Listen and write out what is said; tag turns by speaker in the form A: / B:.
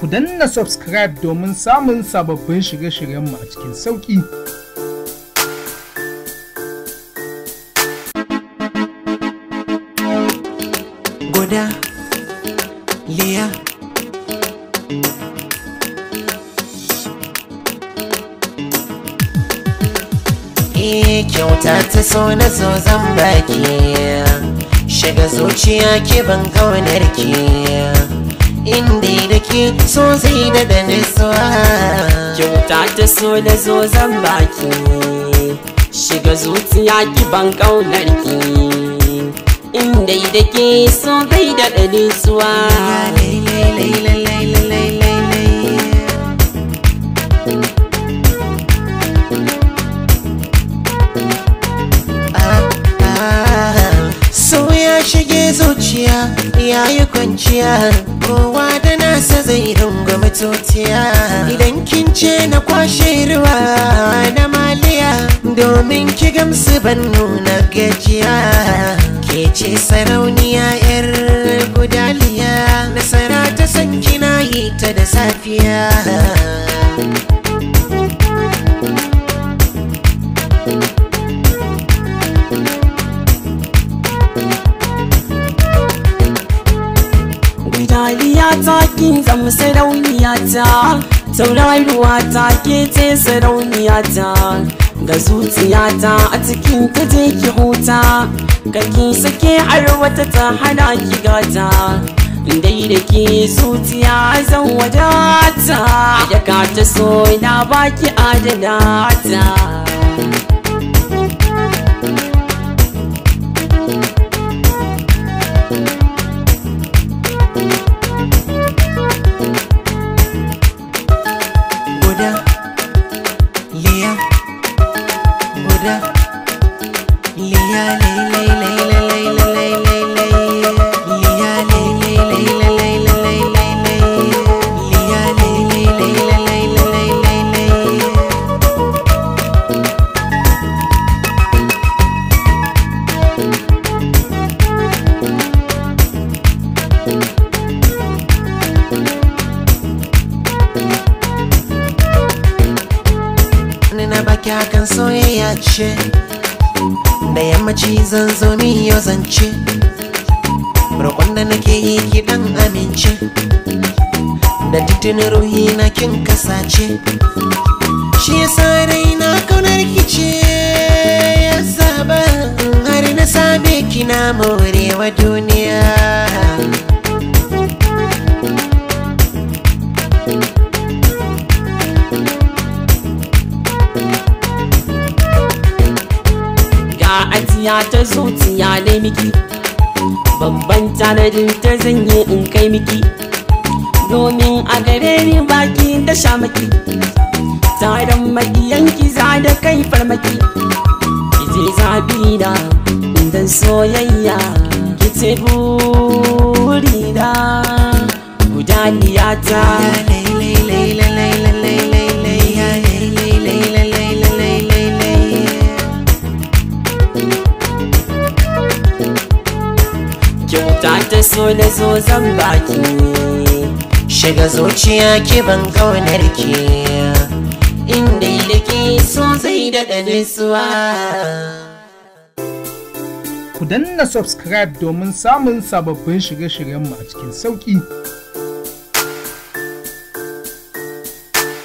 A: ku danna subscribe domin samun sababbin shirye-shiryenmu a cikin sauƙi. Goda, Liya. E, kyauta ta so na so zan baki, shiga zuciya ke ban kaunar ki.
B: inda da ke so zai da da nisuwa kyauta ta so da zo zan baki shiga zuciya ki ban kaunar ki inda da ke so bai da da nisuwa ah,
A: ah, ah. So ya shige zuciya ya yi kwanciya kowa da nasa zai runga matutiya idan kin ce na kwashe ruwa na maliya domin ki gamsu ban nuna gajiya ke ce sarauniya yar gudaliya nasara ta san kina yi ta da safiya
B: ta ki zama sarauniya ta tauraruwa ta ke ce sarauniya ta ga zuciyata a cikin ta je ki huta ga ki sake arwata ta hana ki gata dai da ke zuciya zan wadata da ka ta so na baki adana ta
A: udah Lia Buddha Lia Lia Lia Lia Lia baki hakan soyayya ce da yammaci zan zo miyo zance roƙon da nake yi ki dan amince da titinin ruhi na kin kasace shi yasa raina kaunar ki ya saba har na same ki na morewa duniya
B: ajiya ta zuciya dai miki babban tanadin ta zanye in kai miki domin a gare ni baki da sha maki taron makiyanki za da kai farmaki kije zabi da dan soyayya ki buri burina gudaniya ta Kin ta so da zo zan baki
A: shiga zuciya ke ban kaunar ki inda da ke so zai daɗa nisuwa ku danna subscribe domin samun sababbin shirye-shiryenmu a cikin sauƙi